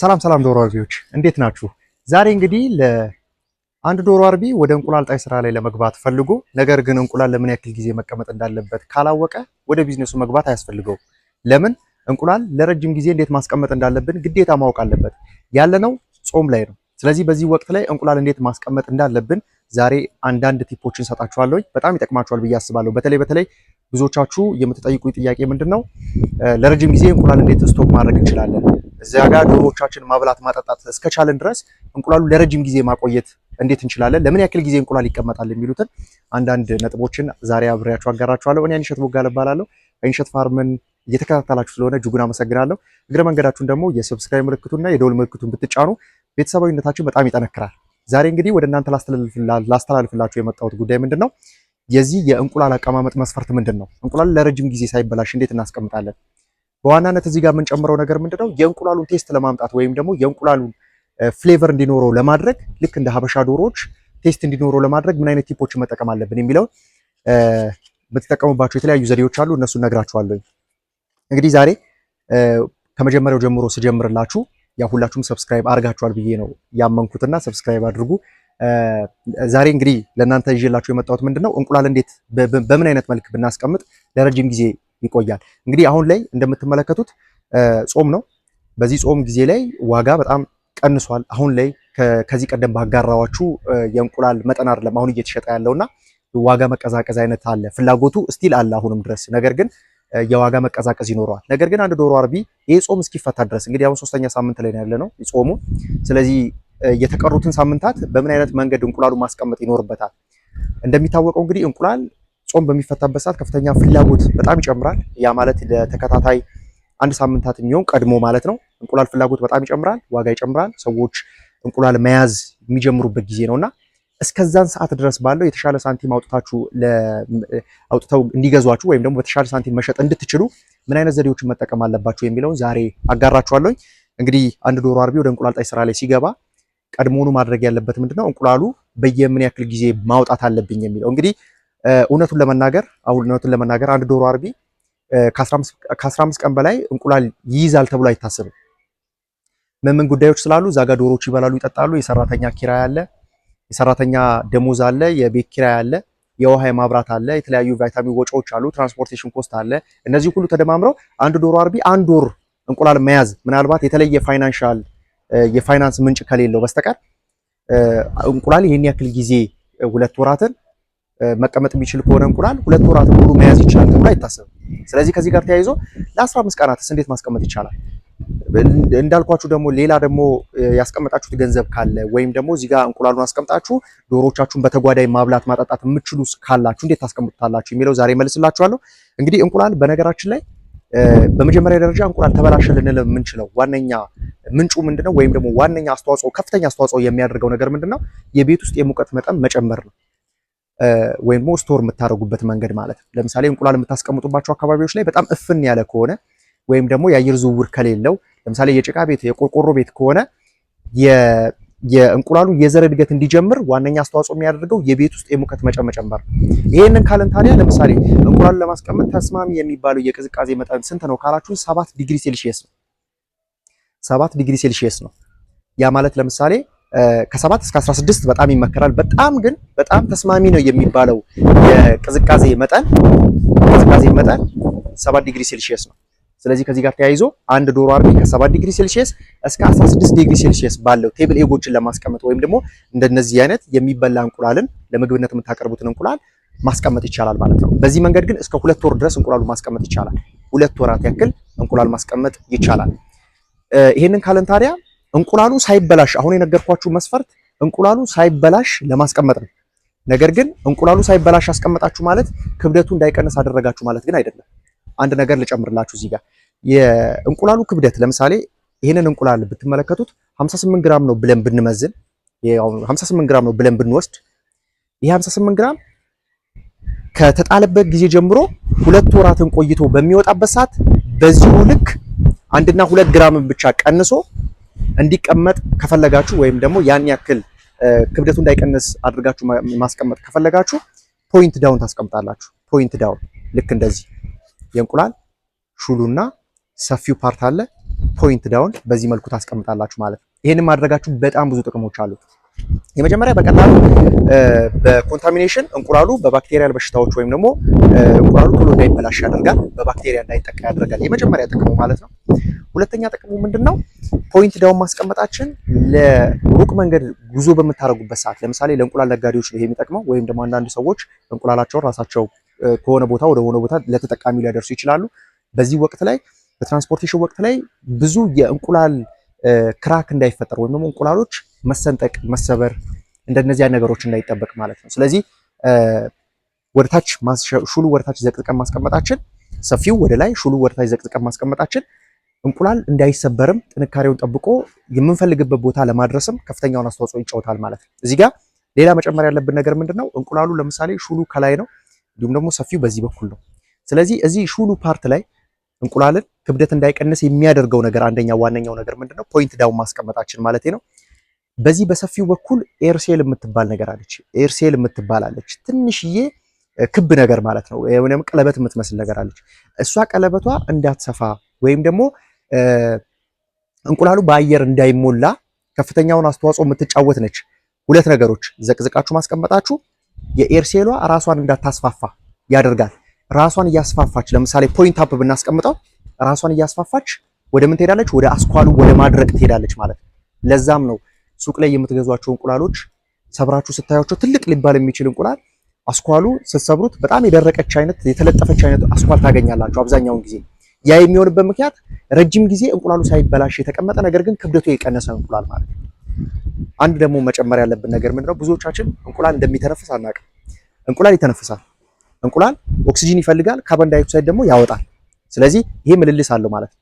ሰላም ሰላም ዶሮ አርቢዎች እንዴት ናችሁ? ዛሬ እንግዲህ ለአንድ ዶሮ አርቢ ወደ እንቁላል ጣይ ስራ ላይ ለመግባት ፈልጎ ነገር ግን እንቁላል ለምን ያክል ጊዜ መቀመጥ እንዳለበት ካላወቀ ወደ ቢዝነሱ መግባት አያስፈልገው። ለምን እንቁላል ለረጅም ጊዜ እንዴት ማስቀመጥ እንዳለብን ግዴታ ማወቅ አለበት። ያለነው ጾም ላይ ነው። ስለዚህ በዚህ ወቅት ላይ እንቁላል እንዴት ማስቀመጥ እንዳለብን ዛሬ አንዳንድ ቲፖችን ሰጣችኋለሁ። በጣም ይጠቅማችኋል ብዬ አስባለሁ። በተለይ በተለይ ብዙዎቻችሁ የምትጠይቁኝ ጥያቄ ምንድን ነው፣ ለረጅም ጊዜ እንቁላል እንዴት ስቶክ ማድረግ እንችላለን? እዚያ ጋር ዶሮዎቻችን ማብላት ማጠጣት እስከቻለን ድረስ እንቁላሉ ለረጅም ጊዜ ማቆየት እንዴት እንችላለን፣ ለምን ያክል ጊዜ እንቁላል ይቀመጣል የሚሉትን አንዳንድ ነጥቦችን ዛሬ አብሬያችሁ አጋራችኋለሁ። እኔ አንሸት ቦጋለ እባላለሁ። አንሸት ፋርምን እየተከታተላችሁ ስለሆነ እጅጉን አመሰግናለሁ። እግረ መንገዳችሁን ደግሞ የሰብስክራይብ ምልክቱና የደውል ምልክቱን ብትጫኑ ቤተሰባዊነታችን በጣም ይጠነክራል። ዛሬ እንግዲህ ወደ እናንተ ላስተላልፍላችሁ የመጣሁት ጉዳይ ምንድን ነው? የዚህ የእንቁላል አቀማመጥ መስፈርት ምንድን ነው? እንቁላል ለረጅም ጊዜ ሳይበላሽ እንዴት እናስቀምጣለን? በዋናነት እዚህ ጋር የምንጨምረው ነገር ምንድነው የእንቁላሉን ቴስት ለማምጣት ወይም ደግሞ የእንቁላሉን ፍሌቨር እንዲኖረው ለማድረግ ልክ እንደ ሀበሻ ዶሮዎች ቴስት እንዲኖረው ለማድረግ ምን አይነት ቲፖች መጠቀም አለብን የሚለውን የምትጠቀሙባቸው የተለያዩ ዘዴዎች አሉ። እነሱን ነግራችኋለሁ። እንግዲህ ዛሬ ከመጀመሪያው ጀምሮ ስጀምርላችሁ ያ ሁላችሁም ሰብስክራይብ አድርጋችኋል ብዬ ነው ያመንኩትና ሰብስክራይብ አድርጉ። ዛሬ እንግዲህ ለእናንተ ይዤላችሁ የመጣሁት ምንድነው እንቁላል እንዴት በምን አይነት መልክ ብናስቀምጥ ለረጅም ጊዜ ይቆያል። እንግዲህ አሁን ላይ እንደምትመለከቱት ጾም ነው። በዚህ ጾም ጊዜ ላይ ዋጋ በጣም ቀንሷል። አሁን ላይ ከዚህ ቀደም ባጋራዋችሁ የእንቁላል መጠን አይደለም አሁን እየተሸጠ ያለውና ዋጋ መቀዛቀዝ አይነት አለ። ፍላጎቱ ስቲል አለ አሁንም ድረስ ነገር ግን የዋጋ መቀዛቀዝ ይኖረዋል። ነገር ግን አንድ ዶሮ አርቢ ይህ ጾም እስኪፈታ ድረስ እንግዲህ አሁን ሶስተኛ ሳምንት ላይ ያለ ነው ጾሙ። ስለዚህ የተቀሩትን ሳምንታት በምን አይነት መንገድ እንቁላሉ ማስቀመጥ ይኖርበታል። እንደሚታወቀው እንግዲህ እንቁላል ጾም በሚፈታበት ሰዓት ከፍተኛ ፍላጎት በጣም ይጨምራል። ያ ማለት ለተከታታይ አንድ ሳምንታት የሚሆን ቀድሞ ማለት ነው እንቁላል ፍላጎት በጣም ይጨምራል፣ ዋጋ ይጨምራል። ሰዎች እንቁላል መያዝ የሚጀምሩበት ጊዜ ነውና እስከዛን ሰዓት ድረስ ባለው የተሻለ ሳንቲም አውጥታችሁ አውጥተው እንዲገዟችሁ ወይም ደግሞ በተሻለ ሳንቲም መሸጥ እንድትችሉ ምን አይነት ዘዴዎችን መጠቀም አለባችሁ የሚለውን ዛሬ አጋራችኋለሁኝ። እንግዲህ አንድ ዶሮ አርቢ ወደ እንቁላል ጣይ ስራ ላይ ሲገባ ቀድሞውኑ ማድረግ ያለበት ምንድነው እንቁላሉ በየምን ያክል ጊዜ ማውጣት አለብኝ የሚለው እንግዲህ እውነቱን ለመናገር አሁን እውነቱን ለመናገር አንድ ዶሮ አርቢ ከ15 ቀን በላይ እንቁላል ይይዛል ተብሎ አይታሰብም። ምን ምን ጉዳዮች ስላሉ ዛጋ ዶሮዎች ይበላሉ፣ ይጠጣሉ። የሰራተኛ ኪራይ አለ፣ የሰራተኛ ደሞዝ አለ፣ የቤት ኪራይ አለ፣ የውሃ የማብራት አለ፣ የተለያዩ ቫይታሚን ወጪዎች አሉ፣ ትራንስፖርቴሽን ኮስት አለ። እነዚህ ሁሉ ተደማምረው አንድ ዶሮ አርቢ አንድ ወር እንቁላል መያዝ ምናልባት የተለየ ፋይናንሻል የፋይናንስ ምንጭ ከሌለው በስተቀር እንቁላል ይህን ያክል ጊዜ ሁለት ወራትን መቀመጥ የሚችል ከሆነ እንቁላል ሁለት ወራት ሙሉ መያዝ ይችላል ተብሎ አይታሰብም። ስለዚህ ከዚህ ጋር ተያይዞ ለ15 ቀናትስ እንዴት ማስቀመጥ ይቻላል? እንዳልኳችሁ ደግሞ ሌላ ደግሞ ያስቀመጣችሁት ገንዘብ ካለ ወይም ደግሞ እዚህ ጋር እንቁላሉን አስቀምጣችሁ ዶሮቻችሁን በተጓዳይ ማብላት ማጠጣት የምችሉ ካላችሁ እንዴት ታስቀምጡታላችሁ የሚለው ዛሬ መልስላችኋለሁ። እንግዲህ እንቁላል በነገራችን ላይ በመጀመሪያ ደረጃ እንቁላል ተበላሸ ልንል የምንችለው ዋነኛ ምንጩ ምንድነው? ወይም ደግሞ ዋነኛ አስተዋጽኦ ከፍተኛ አስተዋጽኦ የሚያደርገው ነገር ምንድነው? የቤት ውስጥ የሙቀት መጠን መጨመር ነው። ወይም ደግሞ ስቶር የምታደርጉበት መንገድ ማለት ነው። ለምሳሌ እንቁላል የምታስቀምጡባቸው አካባቢዎች ላይ በጣም እፍን ያለ ከሆነ ወይም ደግሞ የአየር ዝውውር ከሌለው ለምሳሌ የጭቃ ቤት፣ የቆርቆሮ ቤት ከሆነ የእንቁላሉ የዘር እድገት እንዲጀምር ዋነኛ አስተዋጽኦ የሚያደርገው የቤት ውስጥ የሙቀት መጨመር። ይህንን ካለን ታዲያ ለምሳሌ እንቁላሉ ለማስቀመጥ ተስማሚ የሚባለው የቅዝቃዜ መጠን ስንት ነው ካላችሁ፣ ሰባት ዲግሪ ሴልሺየስ ነው። ሰባት ዲግሪ ሴልሺየስ ነው። ያ ማለት ለምሳሌ ከሰባት እስከ 16 በጣም ይመከራል። በጣም ግን በጣም ተስማሚ ነው የሚባለው የቅዝቃዜ መጠን ቅዝቃዜ መጠን 7 ዲግሪ ሴልሺየስ ነው። ስለዚህ ከዚህ ጋር ተያይዞ አንድ ዶሮ አርቢ ከ7 ዲግሪ ሴልሺየስ እስከ 16 ዲግሪ ሴልሺየስ ባለው ቴብል ኤጎችን ለማስቀመጥ ወይም ደግሞ እንደነዚህ አይነት የሚበላ እንቁላልን ለምግብነት የምታቀርቡትን እንቁላል ማስቀመጥ ይቻላል ማለት ነው። በዚህ መንገድ ግን እስከ ሁለት ወር ድረስ እንቁላሉ ማስቀመጥ ይቻላል። ሁለት ወራት ያክል እንቁላል ማስቀመጥ ይቻላል። ይሄንን ካለን ታዲያ እንቁላሉ ሳይበላሽ አሁን የነገርኳችሁ መስፈርት እንቁላሉ ሳይበላሽ ለማስቀመጥ ነው። ነገር ግን እንቁላሉ ሳይበላሽ አስቀመጣችሁ ማለት ክብደቱ እንዳይቀንስ አደረጋችሁ ማለት ግን አይደለም። አንድ ነገር ልጨምርላችሁ እዚህ ጋር የእንቁላሉ ክብደት ለምሳሌ ይህንን እንቁላል ብትመለከቱት 58 ግራም ነው ብለን ብንመዝን 58 ግራም ነው ብለን ብንወስድ ይህ 58 ግራም ከተጣለበት ጊዜ ጀምሮ ሁለት ወራትን ቆይቶ በሚወጣበት ሰዓት በዚሁ ልክ አንድና ሁለት ግራምን ብቻ ቀንሶ እንዲቀመጥ ከፈለጋችሁ ወይም ደግሞ ያን ያክል ክብደቱ እንዳይቀንስ አድርጋችሁ ማስቀመጥ ከፈለጋችሁ ፖይንት ዳውን ታስቀምጣላችሁ። ፖይንት ዳውን ልክ እንደዚህ የእንቁላል ሹሉና ሰፊው ፓርት አለ። ፖይንት ዳውን በዚህ መልኩ ታስቀምጣላችሁ ማለት ነው። ይህንን ማድረጋችሁ በጣም ብዙ ጥቅሞች አሉት። የመጀመሪያ በቀላሉ በኮንታሚኔሽን እንቁላሉ በባክቴሪያል በሽታዎች ወይም ደግሞ እንቁላሉ ቶሎ እንዳይበላሽ ያደርጋል፣ በባክቴሪያ እንዳይጠቃ ያደርጋል። የመጀመሪያ ጥቅሙ ማለት ነው። ሁለተኛ ጥቅሙ ምንድን ነው? ፖይንት ዳውን ማስቀመጣችን ለሩቅ መንገድ ጉዞ በምታደርጉበት ሰዓት ለምሳሌ ለእንቁላል ነጋዴዎች ነው ይሄ የሚጠቅመው። ወይም ደግሞ አንዳንድ ሰዎች እንቁላላቸውን ራሳቸው ከሆነ ቦታ ወደ ሆነ ቦታ ለተጠቃሚ ሊያደርሱ ይችላሉ። በዚህ ወቅት ላይ በትራንስፖርቴሽን ወቅት ላይ ብዙ የእንቁላል ክራክ እንዳይፈጠር ወይም ደግሞ እንቁላሎች መሰንጠቅ፣ መሰበር እንደነዚያ ነገሮች እንዳይጠበቅ ማለት ነው። ስለዚህ ወደታች ሹሉ ወደታች ዘቅዝቀን ማስቀመጣችን፣ ሰፊው ወደ ላይ ሹሉ ወደታች ዘቅዝቀን ማስቀመጣችን እንቁላል እንዳይሰበርም ጥንካሬውን ጠብቆ የምንፈልግበት ቦታ ለማድረስም ከፍተኛውን አስተዋጽኦ ይጫወታል ማለት ነው። እዚህ ጋር ሌላ መጨመር ያለብን ነገር ምንድን ነው? እንቁላሉ ለምሳሌ ሹሉ ከላይ ነው፣ እንዲሁም ደግሞ ሰፊው በዚህ በኩል ነው። ስለዚህ እዚህ ሹሉ ፓርት ላይ እንቁላልን ክብደት እንዳይቀንስ የሚያደርገው ነገር አንደኛ ዋነኛው ነገር ምንድን ነው? ፖይንት ዳውን ማስቀመጣችን ማለት ነው። በዚህ በሰፊው በኩል ኤርሴል የምትባል ነገር አለች። ኤርሴል የምትባል አለች ትንሽዬ ክብ ነገር ማለት ነው። ወይም ቀለበት የምትመስል ነገር አለች። እሷ ቀለበቷ እንዳትሰፋ ወይም ደግሞ እንቁላሉ በአየር እንዳይሞላ ከፍተኛውን አስተዋጽኦ የምትጫወት ነች። ሁለት ነገሮች ዘቅዝቃችሁ ማስቀመጣችሁ የኤርሴሏ ራሷን እንዳታስፋፋ ያደርጋል። ራሷን እያስፋፋች ለምሳሌ ፖይንት አፕ ብናስቀምጠው ራሷን እያስፋፋች ወደ ምን ትሄዳለች? ወደ አስኳሉ ወደ ማድረቅ ትሄዳለች ማለት ነው። ለዛም ነው ሱቅ ላይ የምትገዟቸው እንቁላሎች ሰብራችሁ ስታያቸው ትልቅ ሊባል የሚችል እንቁላል አስኳሉ ስትሰብሩት በጣም የደረቀች አይነት የተለጠፈች አይነት አስኳል ታገኛላችሁ አብዛኛውን ጊዜ። ያ የሚሆንበት ምክንያት ረጅም ጊዜ እንቁላሉ ሳይበላሽ የተቀመጠ ነገር ግን ክብደቱ የቀነሰ እንቁላል ማለት ነው። አንድ ደግሞ መጨመር ያለብን ነገር ምንድነው? ብዙዎቻችን እንቁላል እንደሚተነፍስ አናውቅም። እንቁላል ይተነፍሳል። እንቁላል ኦክሲጂን ይፈልጋል፣ ካርቦን ዳይኦክሳይድ ደግሞ ያወጣል። ስለዚህ ይሄ ምልልስ አለው ማለት ነው።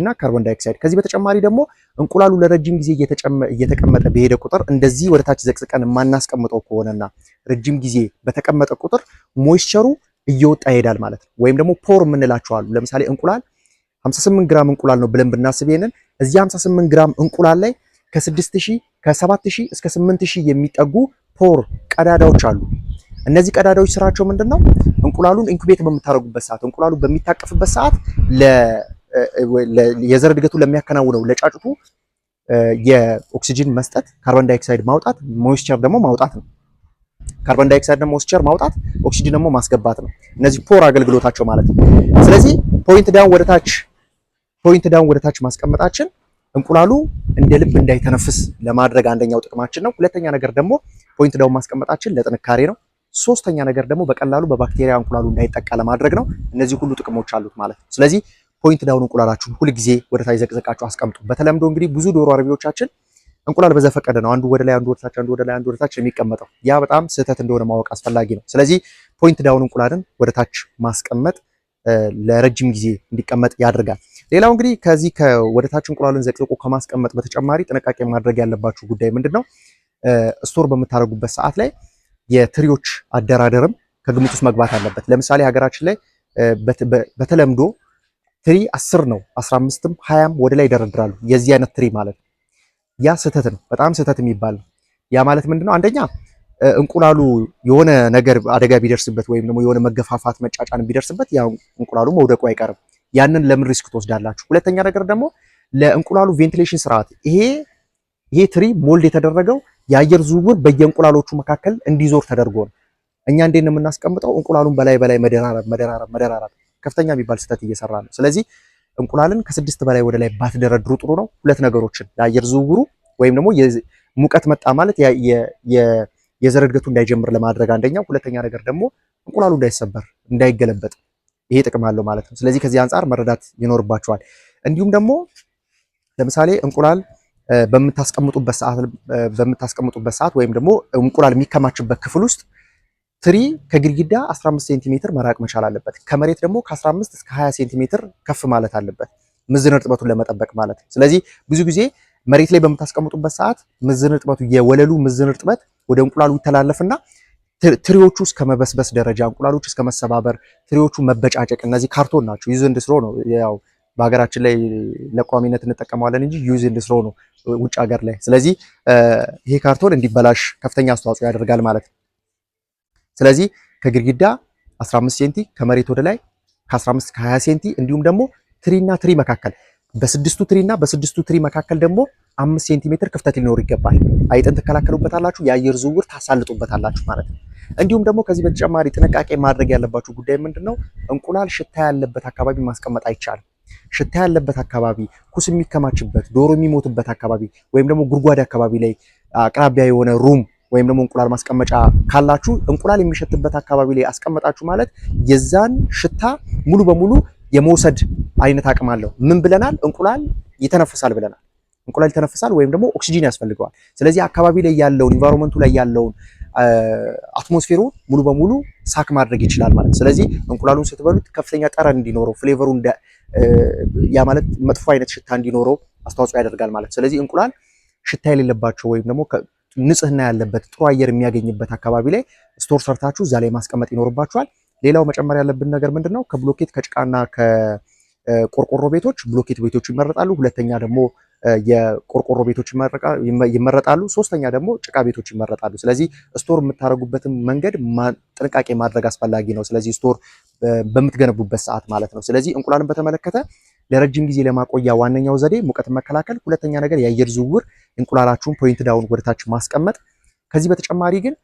እና ካርቦን ዳይኦክሳይድ። ከዚህ በተጨማሪ ደግሞ እንቁላሉ ለረጅም ጊዜ እየተቀመጠ በሄደ ቁጥር እንደዚህ ወደ ታች ዘቅዝቀን የማናስቀምጠው ከሆነና ረጅም ጊዜ በተቀመጠ ቁጥር ሞይስቸሩ እየወጣ ይሄዳል ማለት ነው። ወይም ደግሞ ፖር የምንላቸው አሉ። ለምሳሌ እንቁላል 58 ግራም እንቁላል ነው ብለን ብናስብ ይሄንን እዚህ 58 ግራም እንቁላል ላይ ከ6000 ከ7000 እስከ 8000 የሚጠጉ ፖር ቀዳዳዎች አሉ። እነዚህ ቀዳዳዎች ስራቸው ምንድነው? እንቁላሉን ኢንኩቤት በምታደርጉበት ሰዓት እንቁላሉ በሚታቀፍበት ሰዓት የዘር እድገቱ ለሚያከናውነው ለጫጩቱ የኦክሲጂን መስጠት፣ ካርቦን ዳይኦክሳይድ ማውጣት፣ ሞይስቸር ደግሞ ማውጣት ነው። ካርቦን ዳይኦክሳይድ ደግሞ ሞይስቸር ማውጣት፣ ኦክሲጂን ደግሞ ማስገባት ነው። እነዚህ ፖር አገልግሎታቸው ማለት ነው። ስለዚህ ፖይንት ዳውን ወደ ታች ፖይንት ዳውን ወደ ታች ማስቀመጣችን እንቁላሉ እንደ ልብ እንዳይተነፍስ ለማድረግ አንደኛው ጥቅማችን ነው። ሁለተኛ ነገር ደግሞ ፖይንት ዳውን ማስቀመጣችን ለጥንካሬ ነው። ሶስተኛ ነገር ደግሞ በቀላሉ በባክቴሪያ እንቁላሉ እንዳይጠቃ ለማድረግ ነው። እነዚህ ሁሉ ጥቅሞች አሉት ማለት ነው። ስለዚህ ፖይንት ዳውን እንቁላላችሁን ሁልጊዜ ወደ ታች ዘቅዘቃችሁ አስቀምጡ። በተለምዶ እንግዲህ ብዙ ዶሮ አርቢዎቻችን እንቁላል በዘፈቀደ ነው፣ አንዱ ወደ ላይ አንዱ ወደ ታች፣ አንዱ ወደ ላይ አንዱ ወደ ታች የሚቀመጠው። ያ በጣም ስህተት እንደሆነ ማወቅ አስፈላጊ ነው። ስለዚህ ፖይንት ዳውን እንቁላልን ወደ ታች ማስቀመጥ ለረጅም ጊዜ እንዲቀመጥ ያደርጋል። ሌላው እንግዲህ ከዚህ ከወደ ታች እንቁላልን ዘቅዝቆ ከማስቀመጥ በተጨማሪ ጥንቃቄ ማድረግ ያለባችሁ ጉዳይ ምንድን ነው? ስቶር በምታደርጉበት ሰዓት ላይ የትሪዎች አደራደርም ከግምት ውስጥ መግባት አለበት። ለምሳሌ ሀገራችን ላይ በተለምዶ ትሪ አስር ነው አስራ አምስትም ሀያም ወደ ላይ ይደረድራሉ። የዚህ አይነት ትሪ ማለት ነው። ያ ስህተት ነው፣ በጣም ስህተት የሚባል ነው። ያ ማለት ምንድነው? አንደኛ እንቁላሉ የሆነ ነገር አደጋ ቢደርስበት ወይም ደግሞ የሆነ መገፋፋት መጫጫን ቢደርስበት ያ እንቁላሉ መውደቁ አይቀርም። ያንን ለምን ሪስክ ትወስዳላችሁ? ሁለተኛ ነገር ደግሞ ለእንቁላሉ ቬንቲሌሽን ስርዓት ይሄ ይሄ ትሪ ሞልድ የተደረገው የአየር ዝውውር በየእንቁላሎቹ መካከል እንዲዞር ተደርጎ ነው። እኛ እንዴት ነው የምናስቀምጠው? እንቁላሉን በላይ በላይ መደራረብ መደራረብ መደራረብ ከፍተኛ የሚባል ስህተት እየሰራ ነው። ስለዚህ እንቁላልን ከስድስት በላይ ወደ ላይ ባትደረድሩ ጥሩ ነው። ሁለት ነገሮችን ለአየር ዝውውሩ ወይም ደግሞ ሙቀት መጣ ማለት የዘር እድገቱ እንዳይጀምር ለማድረግ አንደኛው፣ ሁለተኛ ነገር ደግሞ እንቁላሉ እንዳይሰበር እንዳይገለበጥ፣ ይሄ ጥቅም አለው ማለት ነው። ስለዚህ ከዚህ አንጻር መረዳት ይኖርባቸዋል። እንዲሁም ደግሞ ለምሳሌ እንቁላል በምታስቀምጡበት ሰዓት በምታስቀምጡበት ሰዓት ወይም ደግሞ እንቁላል የሚከማችበት ክፍል ውስጥ ትሪ ከግድግዳ 15 ሴንቲሜትር መራቅ መቻል አለበት። ከመሬት ደግሞ ከ15 እስከ 20 ሴንቲሜትር ከፍ ማለት አለበት፣ ምዝን እርጥበቱን ለመጠበቅ ማለት። ስለዚህ ብዙ ጊዜ መሬት ላይ በምታስቀምጡበት ሰዓት ምዝን እርጥበቱ የወለሉ ምዝን እርጥበት ወደ እንቁላሉ ይተላለፍና ትሪዎቹ እስከ መበስበስ ደረጃ፣ እንቁላሎች እስከ መሰባበር፣ ትሪዎቹ መበጫጨቅ። እነዚህ ካርቶን ናቸው። ዩዝ እንድስሮ ነው ያው በሀገራችን ላይ ለቋሚነት እንጠቀመዋለን እንጂ ዩዝ እንድስሮ ነው ውጭ ሀገር ላይ። ስለዚህ ይሄ ካርቶን እንዲበላሽ ከፍተኛ አስተዋጽኦ ያደርጋል ማለት ነው። ስለዚህ ከግድግዳ 15 ሴንቲ ከመሬት ወደ ላይ ከ15 ከ20 ሴንቲ እንዲሁም ደግሞ ትሪና ትሪ መካከል በስድስቱ ትሪና በስድስቱ ትሪ መካከል ደግሞ አምስት ሴንቲሜትር ክፍተት ሊኖር ይገባል። አይጥን ትከላከሉበታላችሁ፣ የአየር ዝውውር ታሳልጡበታላችሁ ማለት ነው። እንዲሁም ደግሞ ከዚህ በተጨማሪ ጥንቃቄ ማድረግ ያለባችሁ ጉዳይ ምንድን ነው? እንቁላል ሽታ ያለበት አካባቢ ማስቀመጥ አይቻልም። ሽታ ያለበት አካባቢ፣ ኩስ የሚከማችበት፣ ዶሮ የሚሞትበት አካባቢ ወይም ደግሞ ጉድጓድ አካባቢ ላይ አቅራቢያ የሆነ ሩም ወይም ደግሞ እንቁላል ማስቀመጫ ካላችሁ እንቁላል የሚሸትበት አካባቢ ላይ አስቀመጣችሁ ማለት የዛን ሽታ ሙሉ በሙሉ የመውሰድ አይነት አቅም አለው። ምን ብለናል? እንቁላል ይተነፍሳል ብለናል። እንቁላል ይተነፍሳል ወይም ደግሞ ኦክሲጂን ያስፈልገዋል። ስለዚህ አካባቢ ላይ ያለውን ኢንቫይሮንመንቱ ላይ ያለውን አትሞስፌሩ ሙሉ በሙሉ ሳክ ማድረግ ይችላል ማለት። ስለዚህ እንቁላሉን ስትበሉት ከፍተኛ ጠረን እንዲኖረው ፍሌቨሩ ያ ማለት መጥፎ አይነት ሽታ እንዲኖረው አስተዋጽኦ ያደርጋል ማለት። ስለዚህ እንቁላል ሽታ የሌለባቸው ወይም ደግሞ ንጽህና ያለበት ጥሩ አየር የሚያገኝበት አካባቢ ላይ ስቶር ሰርታችሁ እዛ ላይ ማስቀመጥ ይኖርባችኋል። ሌላው መጨመር ያለብን ነገር ምንድን ነው? ከብሎኬት ከጭቃና ከቆርቆሮ ቤቶች ብሎኬት ቤቶች ይመረጣሉ። ሁለተኛ ደግሞ የቆርቆሮ ቤቶች ይመረጣሉ። ሶስተኛ ደግሞ ጭቃ ቤቶች ይመረጣሉ። ስለዚህ ስቶር የምታደርጉበትን መንገድ ጥንቃቄ ማድረግ አስፈላጊ ነው። ስለዚህ ስቶር በምትገነቡበት ሰዓት ማለት ነው። ስለዚህ እንቁላልን በተመለከተ ለረጅም ጊዜ ለማቆያ ዋነኛው ዘዴ ሙቀት መከላከል፣ ሁለተኛ ነገር የአየር ዝውውር እንቁላላችሁን ፖይንት ዳውን ወደታች ማስቀመጥ። ከዚህ በተጨማሪ ግን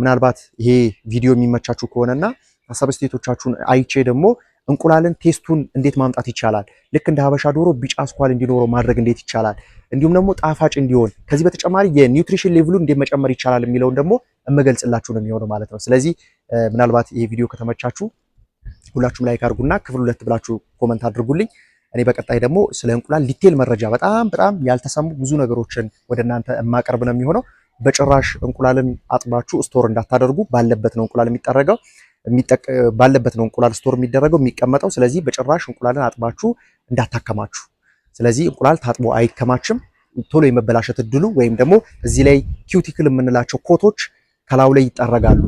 ምናልባት ይሄ ቪዲዮ የሚመቻችሁ ከሆነና ሀሳብ ስቴቶቻችሁን አይቼ ደግሞ እንቁላልን ቴስቱን እንዴት ማምጣት ይቻላል፣ ልክ እንደ ሀበሻ ዶሮ ቢጫ ስኳል እንዲኖረው ማድረግ እንዴት ይቻላል፣ እንዲሁም ደግሞ ጣፋጭ እንዲሆን ከዚህ በተጨማሪ የኒውትሪሽን ሌቭሉን እንዴት መጨመር ይቻላል የሚለውን ደግሞ እመገልጽላችሁ ነው የሚሆነው ማለት ነው። ስለዚህ ምናልባት ይሄ ቪዲዮ ከተመቻችሁ ሁላችሁም ላይክ አድርጉና ክፍል ሁለት ብላችሁ ኮመንት አድርጉልኝ። እኔ በቀጣይ ደግሞ ስለ እንቁላል ዲቴል መረጃ በጣም በጣም ያልተሰሙ ብዙ ነገሮችን ወደ እናንተ የማቀርብ ነው የሚሆነው። በጭራሽ እንቁላልን አጥባችሁ ስቶር እንዳታደርጉ። ባለበት ነው እንቁላል የሚጠረገው ባለበት ነው እንቁላል ስቶር የሚደረገው የሚቀመጠው። ስለዚህ በጭራሽ እንቁላልን አጥባችሁ እንዳታከማችሁ። ስለዚህ እንቁላል ታጥቦ አይከማችም። ቶሎ የመበላሸት እድሉ ወይም ደግሞ እዚህ ላይ ኪውቲክል የምንላቸው ኮቶች ከላዩ ላይ ይጠረጋሉ፣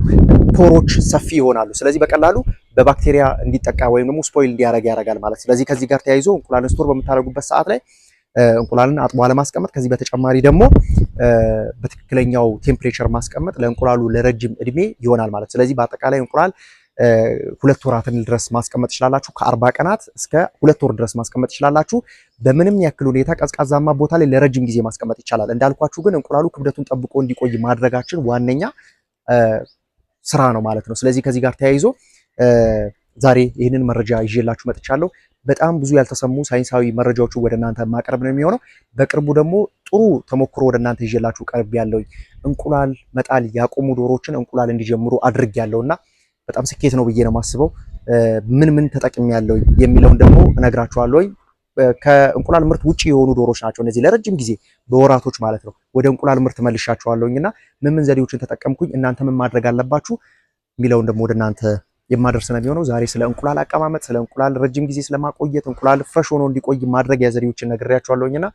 ፖሮች ሰፊ ይሆናሉ። ስለዚህ በቀላሉ በባክቴሪያ እንዲጠቃ ወይም ደግሞ ስፖይል እንዲያደርግ ያደርጋል ማለት። ስለዚህ ከዚህ ጋር ተያይዞ እንቁላልን ስቶር በምታደርጉበት ሰዓት ላይ እንቁላልን አጥቦ አለማስቀመጥ፣ ከዚህ በተጨማሪ ደግሞ በትክክለኛው ቴምፕሬቸር ማስቀመጥ ለእንቁላሉ ለረጅም እድሜ ይሆናል ማለት። ስለዚህ በአጠቃላይ እንቁላል ሁለት ወራትን ድረስ ማስቀመጥ ትችላላችሁ። ከአርባ ቀናት እስከ ሁለት ወር ድረስ ማስቀመጥ ትችላላችሁ። በምንም ያክል ሁኔታ ቀዝቃዛማ ቦታ ላይ ለረጅም ጊዜ ማስቀመጥ ይቻላል። እንዳልኳችሁ ግን እንቁላሉ ክብደቱን ጠብቆ እንዲቆይ ማድረጋችን ዋነኛ ስራ ነው ማለት ነው። ስለዚህ ከዚህ ጋር ተያይዞ ዛሬ ይህንን መረጃ ይዤላችሁ መጥቻለሁ። በጣም ብዙ ያልተሰሙ ሳይንሳዊ መረጃዎቹ ወደ እናንተ ማቅረብ ነው የሚሆነው። በቅርቡ ደግሞ ጥሩ ተሞክሮ ወደ እናንተ ይዤላችሁ ቀርብ ያለው እንቁላል መጣል ያቆሙ ዶሮዎችን እንቁላል እንዲጀምሩ አድርግ እና በጣም ስኬት ነው ብዬ ነው የማስበው። ምን ምን ተጠቅም ያለው የሚለውን ደግሞ እነግራችኋለሁ። ከእንቁላል ምርት ውጪ የሆኑ ዶሮዎች ናቸው እነዚህ ለረጅም ጊዜ በወራቶች ማለት ነው ወደ እንቁላል ምርት መልሻችኋለሁኝ እና ምን ምን ዘዴዎችን ተጠቀምኩኝ እናንተ ምን ማድረግ አለባችሁ የሚለውን ደግሞ ወደ እናንተ የማደርስ ነው የሚሆነው። ዛሬ ስለ እንቁላል አቀማመጥ፣ ስለ እንቁላል ረጅም ጊዜ ስለማቆየት፣ እንቁላል ፍሬሽ ሆኖ እንዲቆይ ማድረጊያ ዘዴዎችን ነግሬያችኋለሁኝና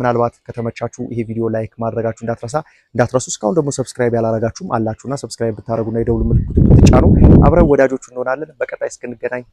ምናልባት ከተመቻችሁ ይሄ ቪዲዮ ላይክ ማድረጋችሁ እንዳትረሳ እንዳትረሱ። እስካሁን ደግሞ ሰብስክራይብ ያላረጋችሁም አላችሁና ሰብስክራይብ ብታደረጉና የደውል ምልክቱ ብትጫኑ አብረን ወዳጆቹ እንሆናለን። በቀጣይ እስክንገናኝ